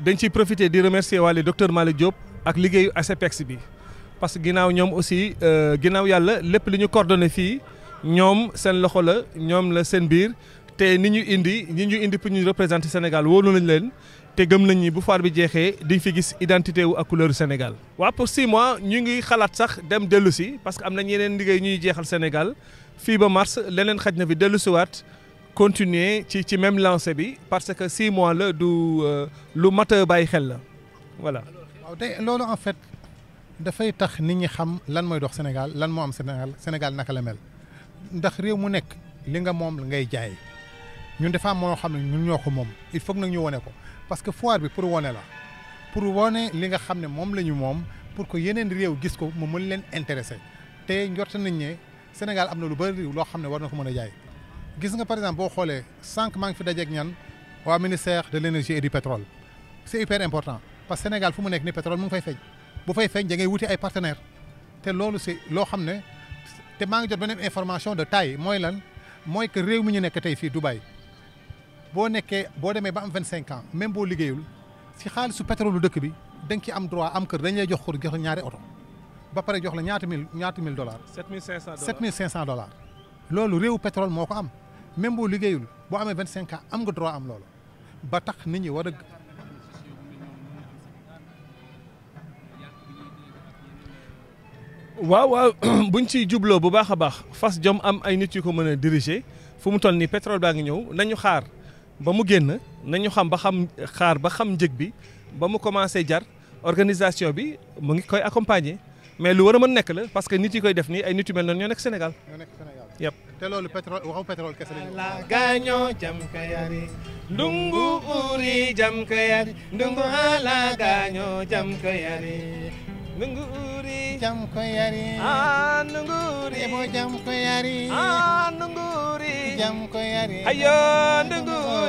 dañ ciy profité di remercier wàllu docteur Malick Diop ak liggéeyu ASEPEX bi parce que ginnaaw ñoom aussi euh, ginnaaw yàlla lépp li ñu coordonné fii ñoom seen loxo la ñoom la seen biir te ni ñu indi ni ñu indi pour ñu représenter Sénégal wóolu nañ leen te gëm nañ ni bu foire bi jeexee di fi gis identité wu ak couleur Sénégal. waaw pour six mois ñu ngi xalaat sax dem dellu si parce que am na leen liggéey ñuy jeexal Sénégal fii ba mars leneen xaj na fi dellu siwaat continuer ci ci même lancé bi parce que si mois la du euh, lu mat a bàyyi xel la voilà. waaw tey loolu en fait dafay tax nit ñi xam lan mooy dox Sénégal lan moo am Sénégal Sénégal naka la mel ndax réew mu nekk li nga moom ngay jaay ñun dafa am moo xam ne ñun ñoo ko moom il faut nag ñu wone ko parce que foire bi pour wone la pour wone li nga xam ne moom la ñu moom pour que yeneen réew gis ko moom mën leen intéressé te njort nañ ne Sénégal am na lu bari loo xam ne war na ko mën a jaay. gis nga par exemple boo xoolee sànq maa ngi fi dajeeg ñan waa ministère de l' énergie et du pétrole c' est hyper important parce que Sénégal fu mu nekk ni pétrole mu ngi fay feeñ bu fay feeñ da wuti ay partenaires te loolu si loo xam ne te maa ngi jot beneen information de taille mooy lan mooy que réew mi ñu nekk tey fii du Dubaï boo nekkee boo demee ba am vingt cinq ans même boo liggéeyul si xaalisu pétrole dëkk bi da ki ci am droit am kër dañ lay jox xur jox ñaari oto ba pare jox la ñaata ñaata mille dollars. sept mille cinq cent dollars sept mille cinq cent dollars loolu réewu pétrole même boo liggéeyul boo amee vingt cinq am nga droit am loolu ba tax nit ñi war a waaw waaw buñ ciy jublo bu baax a baax fas jom am ay nit yu ko mën a diriger fu mu toll nii pétrole baa ngi ñëw nañu xaar ba mu génn nañu xam ba xam xaar ba xam njëg bi ba mu commencé jar organisation bi mu ngi koy accompagner mais lu war a mën nekk la parce que nit koy def nii ay nit yu mel noonu ñoo nekk Sénégal. ñoo nekk Sénégal yëpp. te loolu pétrole waxu pétrole kese la. la gaañoo jam kayari ndungu uri jam kayari ndungu ala ndungu uri jam kayari ah ndungu uri ebo jam kayari ah ndungu uri jam kayari ayo